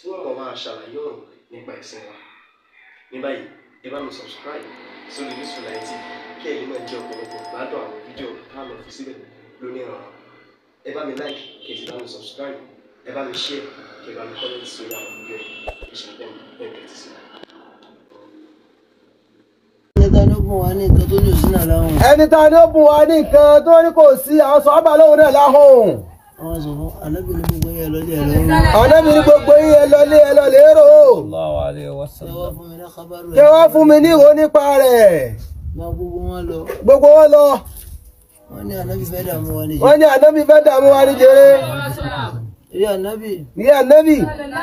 tí wọ́n mọ̀ máa ṣàlàyé ọ̀rọ̀ nípa ẹ̀sìn wa ní báyìí ẹ bá mi subscribe sórí Yusufullahi TV kí ẹ̀yin náà jẹ́ ọ̀pọ̀lọpọ̀ gbádùn àwọn fídíò tá a lọ fi síbẹ̀ lónìí ọ̀rọ̀ ẹ bá mi like kí ẹ sì bá mi subscribe ẹ bá mi share kí ẹ bá mi comment sórí àwọn fídíò yìí ìṣẹ̀lẹ̀ ẹ̀ẹ́dẹ̀ ti ẹni ta ni ó bùn wá ní nǹkan tó ní kò sí àwọn sọ wọ́n sọ fún alábìnrin gbogbo yẹn lọ́lé ẹ̀ lọ́rùn. alábìnrin gbogbo yẹn lọ́lé ẹ̀ lọ́lé rò. jẹ́wọ́ fún mi ní ìwọ nípa rẹ̀. gbogbo wọn lọ. wọ́n ní ànábì fẹ́ dààmú wa ní jẹ́rẹ́. Rí ànábì. Rí ànábì.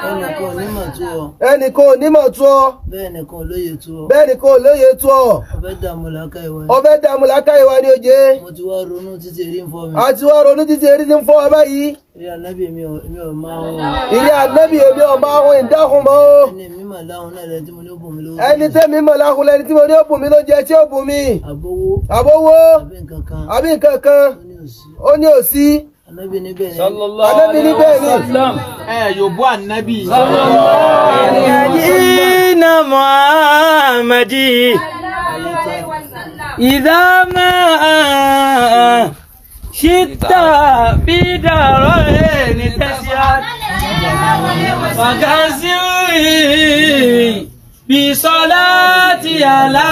Ẹnìkan onímọ̀ tó ọ. Ẹnìkan onímọ̀ tó ọ. Bẹ́ẹ̀ nìkan olóye tó ọ. Bẹ́ẹ̀ nìkan olóye tó ọ. Ọbẹ̀ dààmú làákà ìwà ni. Ọbẹ̀ dààmú làákà ìwà ni oje. Mo ti wá ronú títí mi. A ti wá ronú títí erí ń fọ́ ọ báyìí. Rí ànábì mi ò máa ń wọ̀. mi ò máa ń wọ̀ ìdáhùn mọ́. Ẹni mi mà láhùn náà lẹni tí mo ní ó mi lóúnjẹ. Ẹni tẹ́ mi mà láhùn lẹni tí mo ní ó bùn mi lóúnjẹ tí ó bùn Àbówó. Àbí nǹkan Ó ní òsí anabi ni bẹ́ẹ̀ ni. sallallahu anabi ni bẹ́ẹ̀ ni. sallam ẹ yòbó anabi. sallallahu nabiyina muhammadi ìdámà ṣíta bídàrọ̀ ẹ̀ ní tẹ́síà wàkásíwì bisolati ala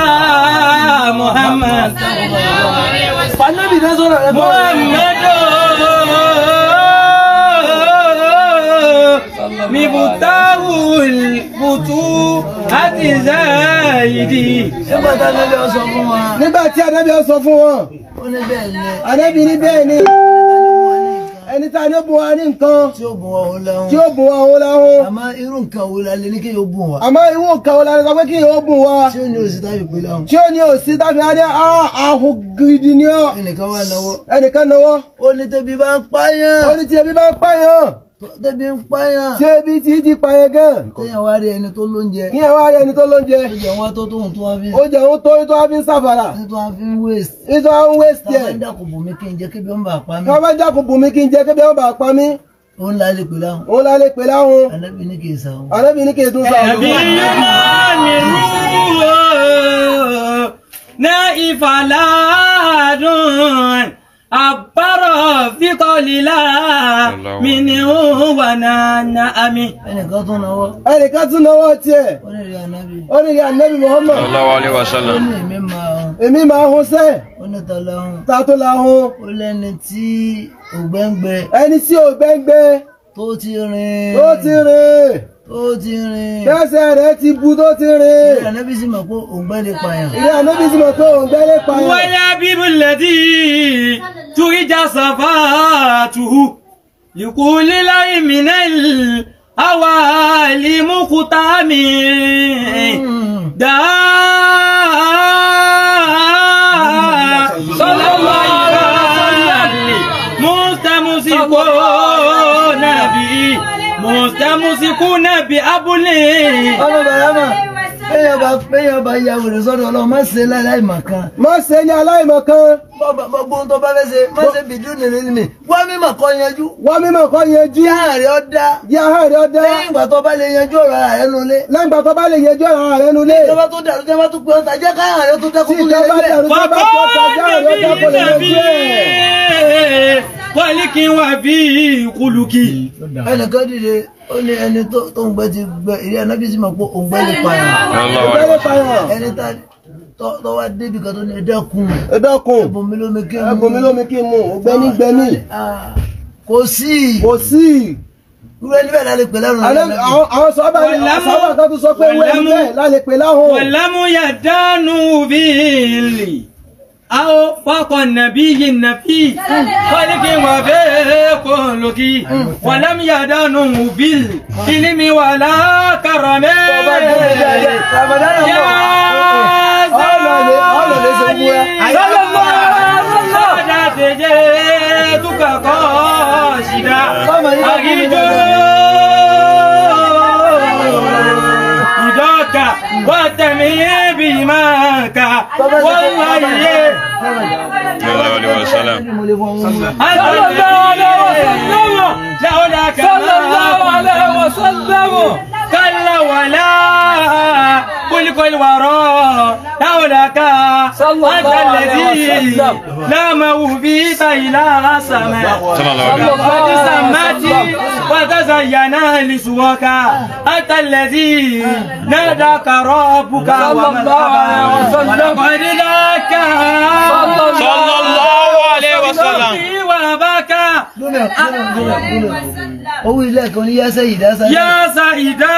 muhammad. fanabi náà sọ̀rọ̀ ẹ̀ muhammadu. mìbùtáwù bùtú àti záàyìdì. nígbà tí anábì ọ sọ fún wa. nígbà tí anábì ọ sọ fún wọn. ó ní bẹ́ẹ̀ ni. anábì ní bẹ́ẹ̀ ni ẹni tá a ní bùn wa ní nǹkan. tí ó bùn wa òun láhùn. tí ó bùn wa òun láhùn. àmọ́ irú nǹkan wo la lè ní kí yóò bùn wa. àmọ́ irú nǹkan wo la lè sọ pé kí yóò bùn wa. tí ó ní òsì tábì pé láhùn. tí ó ní òsì tábì á dé ahùn gidi ni ọ. ẹnìkan wà náwó. ẹnìkan náwó. ó ní tẹbi bá ń pààyàn. ó ní tẹbi bá ń pààyàn tẹ́bi ń payàn. ṣé ibi tí ti payàn gan. kéèyàn wá rí ẹni tó lóúnjẹ. kéèyàn wá rí ẹni tó lóúnjẹ. o jẹ wọn tó tóun tó wá fi. o jẹ wọn tó tó wá fi ń sàfàrà. tó wá fi ń waste. tó wá ń waste yẹn. káwọn dákun bùnmi kí n jẹ kébi wọn bá pa mí. káwọn dákun bùnmi kí n jẹ kébi wọn bá pa mí. ó ń lálẹ́ pè láwọn. ó ń lálẹ́ pè láwọn. anábì ní kì í sàwọn. anábì ní kì í tún sàwọn. ẹ̀mí àbárọ̀ fíkọ́lìlá mi ni ó wà náà àmì. ẹnìkan tún náwó. ẹnìkan tún náwó tiẹ̀. oríire anabi. oríire anabi muhammad. sallallahu alaihi wasallam. ó èmi máa hun. sẹ́. ó ní tọ́lá hun. tàtó la hun. ó lẹ́ni tí ògbẹ́ngbẹ́. ẹni tí ògbẹ́ngbẹ́. tó ti rìn. tó ti rìn ó ti rìn. tẹ́sẹ̀ rẹ̀ ti bu tó ti rìn. ilé ànábì sì mọ̀ pé òǹgbẹ́ lè pààyàn. ilé ànábì sì mọ̀ pé òǹgbẹ́ lè pààyàn. wáyà bíbí lẹ́dí túríjà sàfà tuhu lìkú lílá ìmìnà àwa ìlímùkúta mi hmm. dáa. fàmùsìkúnà bí abúlé. ọmọ bàrà mà bẹ́ẹ̀ yọba bẹ́ẹ̀ yọba ìyàwó rẹ̀ sọ́dọ̀ ọlọ́run má ṣe láìláìmọ̀ kan. má ṣe ní aláìmọ̀ gbogbo ohun tó bá fẹ́ ṣe má ṣe bìjú nìrí mi wá mímọ̀ kọ́ yanjú. wá mímọ̀ kọ́ yanjú. jẹ́ àárẹ̀ ọ̀dá. jẹ́ àárẹ̀ ọ̀dá. lẹ́yìn ìgbà tó bá lè yanjú ọ̀rọ̀ ààrẹ nulẹ̀. lẹ́yìn ìgbà tó bá lè yanjú ọ̀rọ̀ ààrẹ nulẹ̀. ìjọba tó dàrú jẹ́ bá tó pé ọ̀tá jẹ́ ká ààrẹ tó dẹ́kun tó lè lẹ́lẹ̀. ó ní ẹni tó ń gbẹ ti gbẹ ìrí ànábìsí mọ̀ pé òun gbẹ lè pààyàn. ẹni tá tó wá débi kan tó ní ẹdẹkùn ẹdẹkùn ẹbùn lómi kí n mú ẹbùn gbẹ́ni ah, kò sí kò sí irú ẹni lálẹ́ pè lẹ́rùn lálẹ́ àwọn sọ́ọ́bà àwọn kan tó sọ pé irú ẹni lálẹ́ pè láhùn. wàlámù yà dánú bíi أو فوق النبي النفي خلق وفيه كلك ولم يدنه بالعلم ولا كرم يا والله صلى الله عليه وسلم صلى الله عليه وسلم ولا كل وراء لولاك أنت الذي لا موفيت إلى السماء قد سمت وتزين لسواك أنت الذي ناداك ربك ومرحبا ولقد ذاك صلى الله عليه وسلم Oh, oh, أباك أوي لك يا سيدة oh, يا سيدة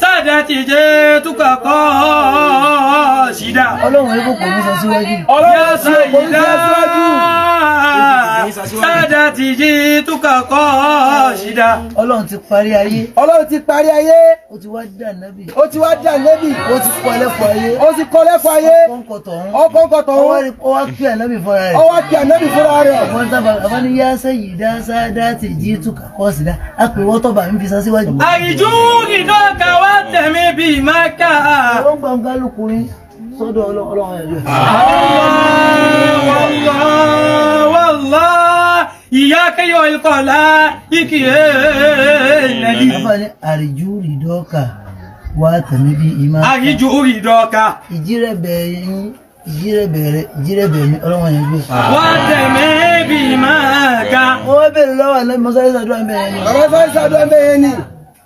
سادتي جئتك قاصدا يا سيدة سادتي جئتك oh, Ọlọ́run ti parí ayé. Ọlọ́run oh, parí ayé. Ó ti wá oh, nẹ́bì. Ó ti wá oh, nẹ́bì. Ó ti kọ́ oh, ayé. Ó ti kọ́ oh, ayé. Ọkọ̀ ń kọ̀tọ̀ oh, Ọkọ̀ ń oh, ọ̀hún. Ó oh, kí ànẹ́bì fúnra rẹ̀. Ó wá oh, ànẹ́bì fúnra rẹ̀. Ọ̀pọ̀ ń sáb abani ya sayi da sa da ti ji tu ka ko si da a pe wo to ba mi fi sa síwájú. àìjú iná wá tẹ̀mí bí má kà á. ó ń sọ́dọ̀ ọlọ́run ẹ̀rọ. wàlá ìyá kẹyọ ìkọlá ìkì ẹ̀ẹ́dẹ̀lì. abani àrìjú ìdọ́ka wá tẹ̀mí bí ìmá. àrìjú ìdọ́ka. ìjírẹ̀bẹ̀ yín jírẹ̀bẹ̀rẹ̀ jírẹ̀bẹ̀mí ọlọ́wọ́n yẹn gbé. Ah. wọ́n tẹ̀mẹ́ bí máa ga. wọ́n bẹ̀rẹ̀ lọ́wọ́ àlẹ́ mọ́sáyé sàdúrà ń bẹ̀rẹ̀ ni. mọ́sáyé sàdúrà ń bẹ̀rẹ̀ ni.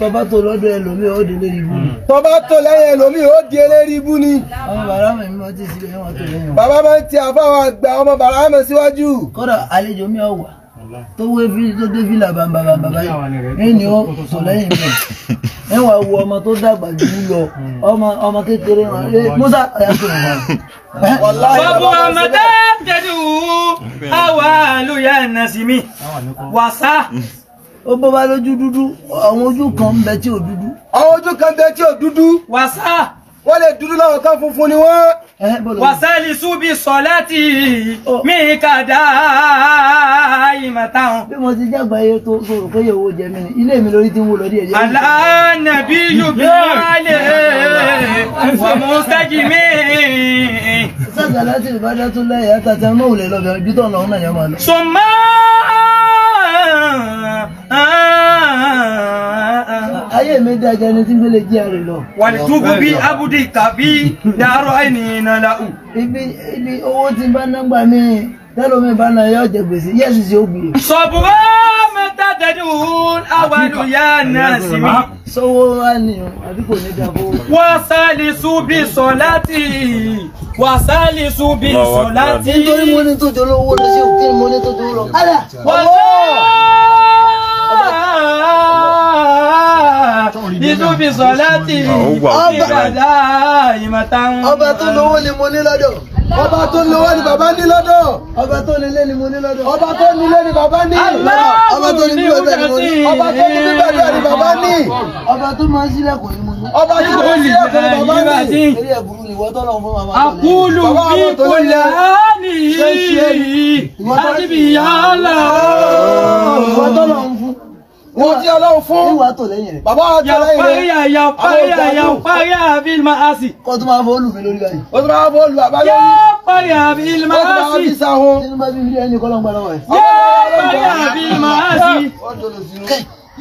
tọba tó lọ́dọ̀ ẹlòmíì ó di eléri ibú ni. tọba tó lẹ́yìn ẹlòmíì ó di eléri ibú ni. àwọn bàrà mi máa ti síbi ẹ̀wọ̀n tó lẹ́yìn. bàbá máa ń ti àfáwọn àgbà ọmọ bàrà mi síwájú. kódà àlejò mi ò wà tó wé tó dé fìlà bàbàbàbà yìí ni ó sọ lẹ́yìn mi ẹ wà wo ọmọ tó dàgbà jù lọ ọmọ ọmọ kékeré wọn musa ẹ̀yà tó wà. babu amada tẹ̀dú awa aluya nasimi wasa ó bó bá lójú dúdú àwọn ojú kan ń bẹ tí ò dúdú. àwọn ojú kan bẹ tí ò dúdú. wàsá. wọ́n lè dúdú láwọn kan funfun ni wọ́n. wàsáàlì súbi sọ̀láàtì mí kàdá ìmọ̀ta hàn. bí mo ti jágba iye tó rò pé yòówó jẹ mí ni ilé mi lórí ti ń wò lọ díẹ̀ díẹ̀. alánàbí yubi wálé wà mú sájì mí. sọ́jà láti ìbádá tó lẹ́yìn àtàtà mọ́wùlẹ̀ lọ́bẹ̀ ojú tó ń lọ ọ́nà yẹn máa lọ. sọ ayé mi dá ẹja ẹni tí mi lè jí àrè lọ. wàlẹ̀ tó kú bí abudu tàbí dàrọ ẹni iná làwù. ibi ibi owó ti bá nọmba mi tẹ́lómi bá náà yọ ọ̀jẹ̀ gbèsè yẹ́sì sí òbí. sọ̀bùrọ̀ tàtẹ̀dùn àwàlù yá nàásì mi. sọ́wọ́ láti ìbàdà ìmọ̀ta ọba tó lówó ni mo ní lọ́dọ̀ ọba tó lówó ni bàbá ní lọ́dọ̀. ọba tó nílé ni mo ní lọ́dọ̀. ọba tó nílé ni bàbá ní. ọba tó ní bíbẹ̀ ni mo ní. ọba tó ní bíbẹ̀ ni bàbá ní. ọba tó máa ń sílẹ̀kùn ni mo ní. ọba tó máa ń sílẹ̀kùn ni bàbá ní. eré ẹ̀bùrú ni ìwọ́tọ́ náà fún bàbá tó ní. àkúlù bí kò láàánì yìí àti bìyànlá. ìwọ́tọ́ náà ń mo jí ọlọ́run fún bàbá àti ọlọ́run rẹ yàpáyà yàpáyà bíl máa sì. kó tó máa fọ olù mi lórí báyìí. kó tó máa fọ olù bàbá lórí. yàpáyà bíl máa sì. kó tó máa fi sahun. nínú bá bíbí ẹni kọ́ lọ́n gbàdọ̀ wẹ̀. yàpáyà bíl máa sì.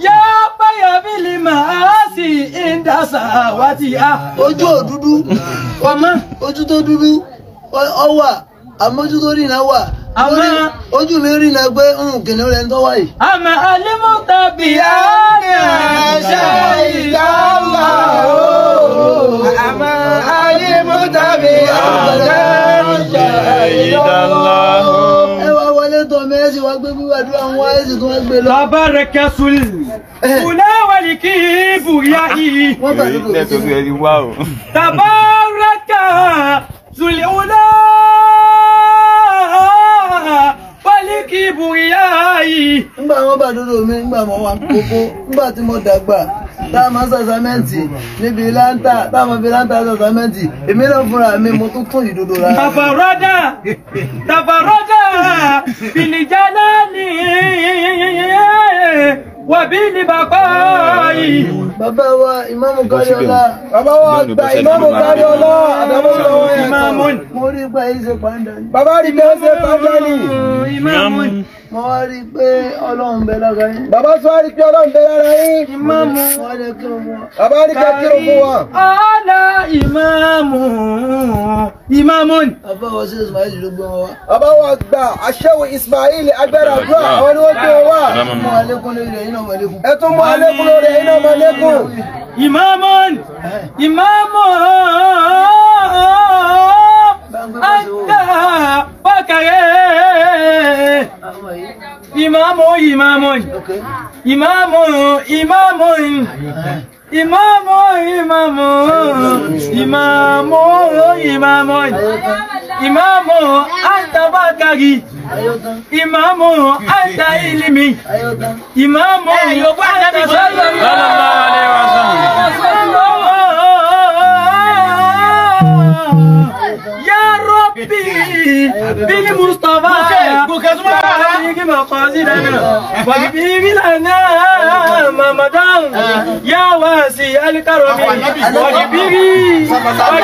yàpáyà bíl máa sì ìdásà wáti a. ojú ò dúdú ọmọ ojú tó dúdú ọwà àmójútó rìnnà wà àmọ́ ojú mi rí na pé ń kìnìún rẹ̀ ń tọ́wọ́ yìí. àmọ́ alimọ́ta bìyà ni àṣà ìdámà o. àmọ́ alimọ́ta bìyà ni àṣà ìdámà o. ẹ wá wọlé tọ́ mi ẹ sì wá gbé gbígbà dúró àwọn ẹ sì tún gbé lọ. bàbá rẹ kẹsùlì kùlẹ̀ wẹ̀lì kí ibù yá yìí. wọ́n bá lóko ìdílé. tàbá rẹ kà zùlẹ̀ wọlé. bùrìyá yìí. nígbà wọn bá dodo mi nígbà mo wà kókó nígbà tí mo dàgbà tá a máa ń sàzámẹ́ǹtì níbi tá a máa fi láńtà sàzámẹ́ǹtì èmi náà fúnra mi mo tún tún ìdodo rárá. tàfàrọ́dà tàfàrọ́dà bìlìjánà ni wàbí ni wa ìmáàmù káríọlá Baba wa gba ìmáàmù káríọlá àdàbọ̀ lọ́wọ́ yẹn. mo rí gba ẹ̀ ṣe pàǹdà ni. bàbá rí bẹ́ẹ̀ ṣe pàǹdà ni. ìmáàmù mo wá rí i pé ọlọ́run bẹ lára yín. bàbá sọ wá rí i pé ọlọ́run bẹ lára yín. ìmáàmù bàbá rí i pé kí o fún wa. ọ̀la ìmáàmù ìmáàmù ni. àbáwọ̀ sí Ismail ló gbé wọn wá. àbáwọ̀ gba aṣẹ́wó Ismail agbára àdúrà àwọn ni wọ́n gbé wọn wá. mọ alẹ́kùn lórí rẹ̀ iná mọ alẹ́kùn ìmáàmù ìmáàmù anda wakare imamu imamu imamu imamu imamu imamu imamu imamu imamu anta wakari imamu anta ilimi imamu yorùbá Big الشيخ بن مصطفى وحقيقي مقاصدنا واكبر لنا ممدا يا واسع الكرم واكبر وكفار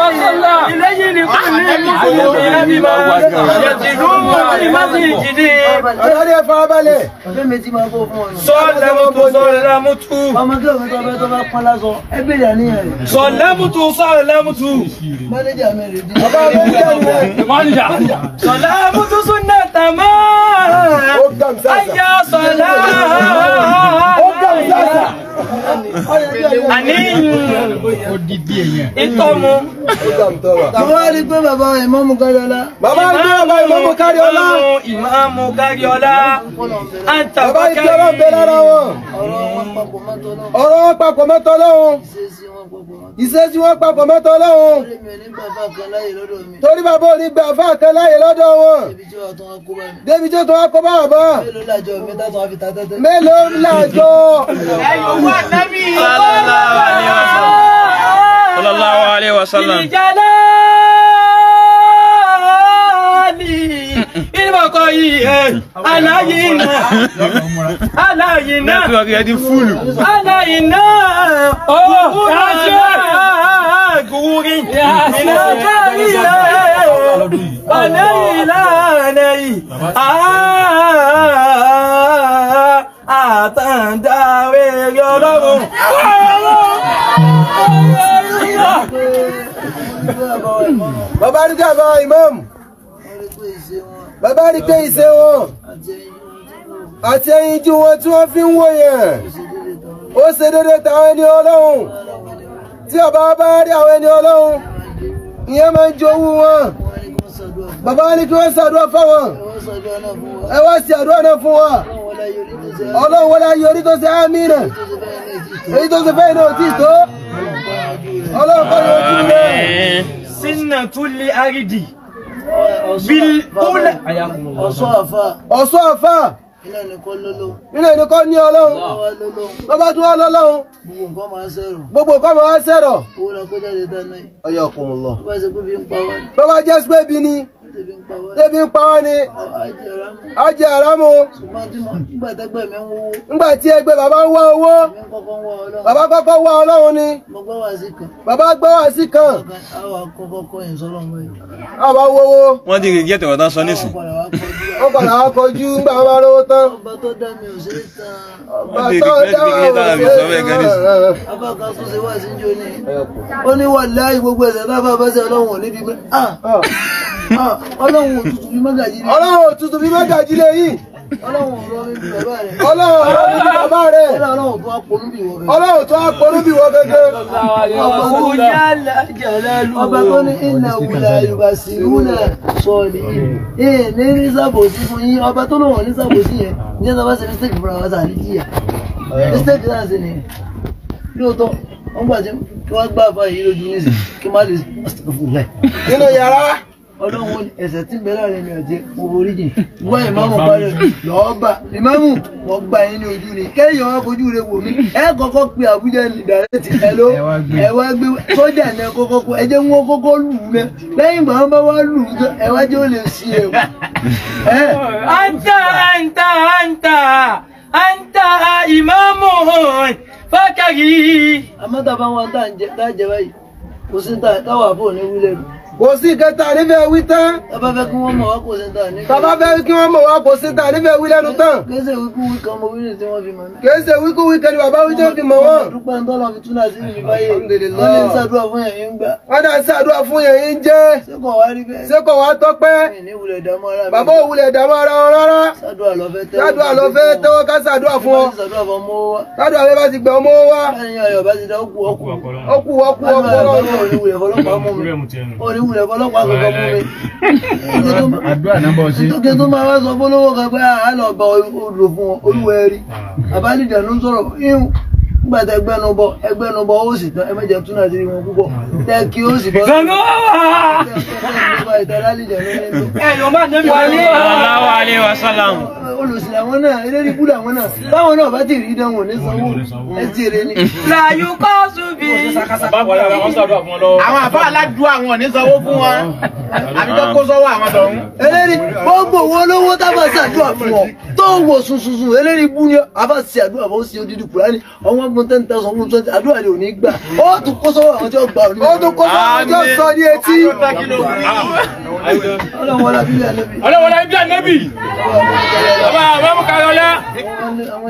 وصلى إليه لكل المسلمين بما يجدون في مسجده sọlẹmutu sọlẹmutu sọlẹmutu sọlẹmutu. ما نجح صلاة سنة ما أي صلاة Ani. Itomo. Itomo. àní ìtọ́mu. àwọn àrí pé bàbá ìmáàmù Káríọlá. bàbá ìmáàmù ìmáàmù Káríọlá. ìmáàmù Káríọlá. bàbá ìjọba ń bẹ lára wọn. ọ̀rọ̀ wọn papọ̀ mọ́tọ́ lọ́wọ́. ìṣesí wọn papọ̀ mọ́tọ́ lọ́wọ́. torí bàbá òní gbà fún àkànláyè lọ́dọ̀ wọn. débi tí ó tún wá kó bá wà bọ́. mélòó làjọ. mélòó làjọ. ẹ̀yọ̀ wà náà nabi sallallahu alaihi wasallam ìlúbọ̀kọ yìí ẹ aláyìnà aláyìnà aláyìnà ó kájọ gúrí ìlàjà ilẹ̀ ọ̀nà ìlànà yìí. Baba rí pé àbá imam Baba rí pé ìṣe Ati àti ẹyin tí wọn tí wọn fi ń wò yẹn ó ṣe déédé táwọn ẹni ọlọ́run tí ọba bá rí àwọn ẹni ọlọ́run ìyẹn máa ń jowú wọn bàbá ní kí wọ́n ṣàdúrà fáwọn ẹ wá sí àdúrà náà fún wa ọlọ́run wọlé ayé orí tó ṣe àmì rẹ̀ èyí tó ṣe fẹ́ iná òtí tó fitnatu li aridi bil ula ọ̀ṣọ́ àfà ilé nìkan ní ọlọ́run ló bá tún wá lọ́lọ́run gbogbo nǹkan máa ń sẹ̀rọ̀ ọyọkùnrin lọ bó bá jẹ́ pé bí ni débi ń pa wá ni ajé àrámù ńgbà tí ẹgbẹ́ bàbá wá owó bàbá kọ́kọ́ wá ọlọ́run ni bàbá gbọ́ wá sí kan àwa wọ́wọ́. wọ́n ti gègé tẹ̀wọ̀ tán sọ nísìn. wọ́n padà wá kọjú ńgbà wọn lówó tán. ọba tó dá mi ò sí ta. ọba tó dá mi ò sí ta. ọba kan tún ṣe wá sí jóni. ó ní wàláhì gbogbo ẹ̀sẹ̀ náà bá bá ṣe ọlọ́run ò ní bí pé. Ah! Ah! ọlọ́run òtútù fi mọ́gàjì lé ọlọ́run òtútù fi mọ́gàjì lé yìí ọlọ́run ọ̀rọ̀ mi bí bàbá rẹ̀ ọlọ́run tó àpọ̀lú bí wọ́n gẹ́gẹ́ ọba tó ní ìnà wùlà yorùbá sí wùlà sọ̀ọ̀lì yìí ní ní sàbòsí fún yín ọba tó lòun ní sàbòsí yẹn ní ẹ̀sán bá ṣe mistake fúnra wa sà ní jìyà mistake náà ṣe nìyẹn lóòótọ́ wọ́n gbà tí wọ́n gbà báyìí lójú ní ìsìn kí wọ́n má lè ṣàfùlẹ̀. nínú yàrá ọlọ́run ẹ̀sẹ̀ tí bẹ́ẹ̀ láàrin mi àti orí wọ́n ìmáàmù balẹ̀ lọ́ọ́bà ìmáàmù wọ́n gba yín ojú ni kéèyàn wá fojú rẹ wò mí ẹ kọ́kọ́ pe àbújá dàrẹ́tì ẹ ló ẹ wá gbé sójà ní ẹ kọ́kọ́ kó ẹ jẹ́ kọ́kọ́ lù ú lẹ lẹ́yìn ìgbà wọn bá wá lù ú ẹ wá jẹ́ ó lè sí ẹ o. anta anta anta anta ìmáàmù fákàrí. àmọ́ tá a bá jẹ báyìí kò sí táwọn àbọ̀ ní kò sí ìkẹta nífẹ̀ẹ́ wí tán. tọ́ba fẹ́ kí wọ́n mọ̀ wá kò sí ta nífẹ̀ẹ́. tọ́ba fẹ́ kí wọ́n mọ̀ wá kò sí ta nífẹ̀ẹ́ wí lẹ́nu tán. kése wíkúwí kan mo wí ní tí wọ́n fi mọ̀ náà. kése wíkúwí kan ni bàbá wí tí wọ́n fi mọ̀ wọ́n. dúpẹ́ ń tọ́lọ́ fi túnà sí ìlú báyé. wọ́n lè ń ṣàdúrà fún yẹn ń gbà. wọ́n dà ń ṣàdúrà fún yẹn ń jẹ́. sẹ́kọ̀ wá rí bẹ́ẹ̀. sẹ́kọ̀ wá tọ́pẹ́. bàbá òwúlẹ̀ dàmú ara wọn rárá. ṣàdúrà lọ fẹ́ tẹ́wọ́ ká ṣàdúrà fún ọ. ṣàdúrà bẹ́ẹ̀ bá ti gbẹ ọmọ wa. ọkù ọkù ọkù ọkù mú rẹ̀ kọ́lọ́pàá kankan mú mi. àdúrà tó máa wá sọ fọlọ́wọ́ kan pé àá ah, lọ gba odò fún ọ olúwẹ̀ẹ́rì ah. àbálìjà ló ń sọ̀rọ̀ nígbà tẹ ẹgbẹ́nu bọ ẹgbẹ́nu bọ ó sì tán ẹ mẹ́jẹ tún náà wọn púpọ̀ tẹ ó sì bọ́. gbọ́ngàn wà. náà eléré búdà àwọn náà báwọn náà bá ti rí dánwò ní sanwó ẹ ti rè ni. làyù kọ́ subi. àwọn àbá aládùn àwọn ní sanwó fún wọn àbí kó sọ́wọ́ àwọn tọ̀hún. eléré gbogbo wọn lówó tábà ṣàdúrà fún ọ tó wò sùn sùn bú ni àbá ṣàdúrà fún ó sì odidi kùránì ọwọ́ fún ten thousand fún twenty àdúrà rẹ ò ní gbà ó tún kó sọ́wọ́ àwọn tí ó gbà ó tún kó sọ́wọ́ àwọn sọ ní etí. ọlọ́wọ́lá bíbí ànẹ́bì. ọlọ́wọ́lá bíbí ànẹ́bì. bàbá àbámu àwọn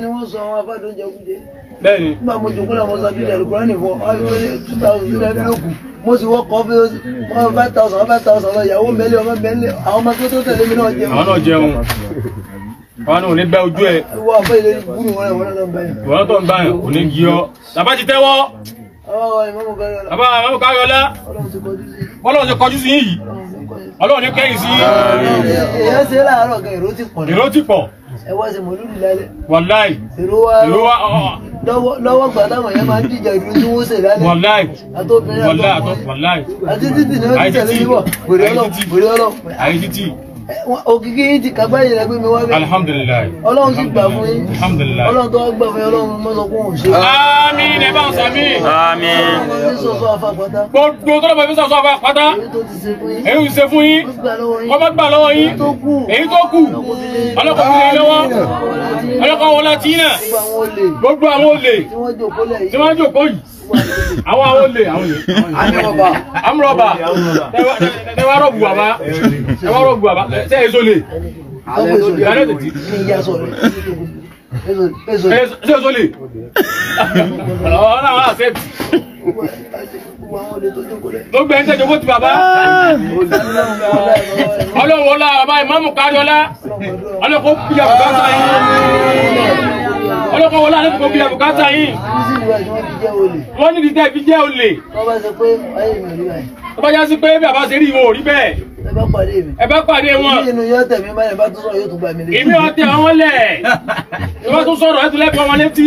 ni wọ́n sọ àwọn afádùn jẹ kújẹ. bẹ́ẹ̀ni. nígbà mo jòkó làwọn sọ bíbí àlùkò mo sì wọ́n kọ́ fún five thousand five thousand lọ ìyàwó mẹ́lẹ̀ ọmọ mẹ́lẹ̀ àwọn ọmọ tó tó tẹ̀lé mi náà jẹun. àwọn náà jẹun wọn ò ní bẹ ojú ẹ wọn tó ń bá yẹn kò ní gí ọ tàbá ti tẹ́wọ́ bàbá ìmọ̀mù káyọ̀lá bọ́lá ọ̀sẹ̀ kọjú sí yìí ọlọ́run ní kẹ́yìn sí èyàn ṣe láàárọ̀ kan èrò ti pọ̀ ẹ wá sí mọ̀lúù lálẹ́ wàláì èrò wa lọ́wọ́ gbà yẹn máa ń dìjà ìlú tí wọ́n ṣe lálẹ́ wàláì àti títì náà ti tẹ̀lé yíwọ̀ pèrè pèrè ọlọ́ òkìkí yìí ti kàgbá ìyẹn lẹgbẹ mi wá bẹ. alihamudulilayi ọlọ́run ti gbà fún yín ọlọ́run tó wá gbà fún yín ọlọ́run mọ sọ fún òun ṣe. àmín ẹ bá ń sàmì. àmín. gbogbo tó lọ́pọ̀ ìfisà sọ àfa àpáta èyí ò ṣe fún yín wọ́n gbà lọ́wọ́ yín èyí tó kù ọlọ́kọ̀ fún yín lọ́wọ́ ọlọ́kọ̀ wọlé tí náà gbogbo àwọn olè tí wọ́n jòkó yìí àwọn àwọn olè àwọn olè amúrọ̀bà ẹ wá rọ̀bù bàbá ẹ wá rọ̀bù bàbá ṣe é sólè ìyàrá ètò tí ṣe é sólè ọ̀hún àwọn àṣẹ́tì ló gbé ẹsẹ̀ jókòó ti bàbá ọlọ́wọ́lá bàbá ìmáàmù kárí ọlá ọlọ́kọ̀ọ́ kúyà bàbá sáyé ọlọ́pàá wọlé alẹ́ fún mi àbùkátà yìí. wọ́n ní dídá ibi jẹ́ olè. tó bá yá sí pé bí àbá ṣe rí ìwọ ò rí bẹ́ẹ̀. ẹ bá pàdé wọn. ìbí yóò tẹ̀ wọ́n lẹ̀. ìwọ́n tún sọ̀rọ̀ ẹ̀ tún lẹ́fọ̀ wọn létí.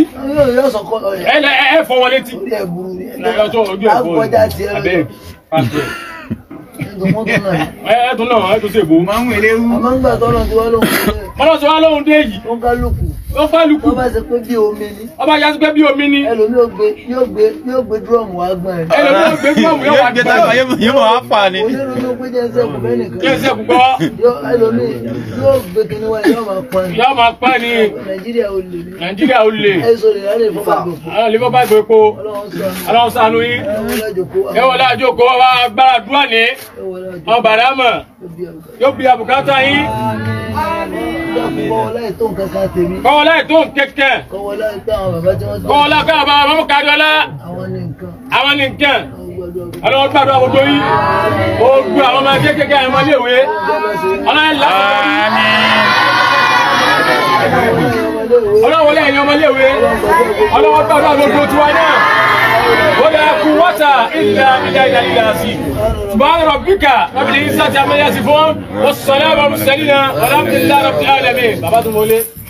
ẹ fọ wọn létí. ẹ tún náà ẹ tún ṣèbò. ọlọ́sọ̀ wa lóhun dé yìí. ó ń kálukú ó fálùkù. ọba ṣe pé bí omi ni. ọba ṣe pé bí omi ni. ẹlòmí yóò gbé yóò gbé yóò gbé dúrọ́ọ̀mù wá gbọ́n ẹ̀. ẹlòmí yóò gbé dúrọ́ọ̀mù yóò wá gbọ́n ẹ̀. yóò wá fà ni. onírú ló gbé jẹ́ sẹ́kù bẹ́ẹ̀ nìkan. jẹ́ sẹ́kù gbọ́. ẹlòmí yóò gbé kíní wá yóò máa pa ni. yóò máa pa ni. nàìjíríà ò lè. nàìjíríà ò lè. ẹ sọ lè kọ́wọ́lá ètò nǹkankan tèmi. kọ́wọ́lá ètò nǹkankan. kọ́wọ́lá ètò àwọn bàbá àwọn bàbá nǹkan. àwọn ní nǹkan. ọlọ́wọ́ gbàdúrà gbogbo yín. ogun àwọn ọmọ kékeré àwọn ọmọdé ìwé. ọlọ́yìn lásán. ọlọ́wọ́lẹ́ ẹ̀yin ọmọdé ìwé. ọlọ́wọ́ gbàdúrà gbogbo tiwa náà. ولا قوة إلا بالله العلي العظيم سبحان ربك رب العزة عما يصفون والسلام على المرسلين والحمد لله رب العالمين